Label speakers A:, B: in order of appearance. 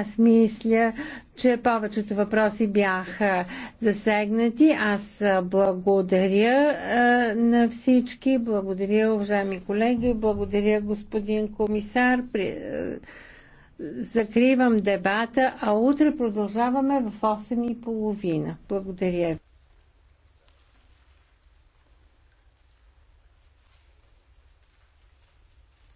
A: Аз мисля, че повечето въпроси бяха засегнати. Аз благодаря на всички, благодаря, уважаеми колеги, благодаря, господин комисар. Закривам дебата, а утре продължаваме в 8.30. Благодаря.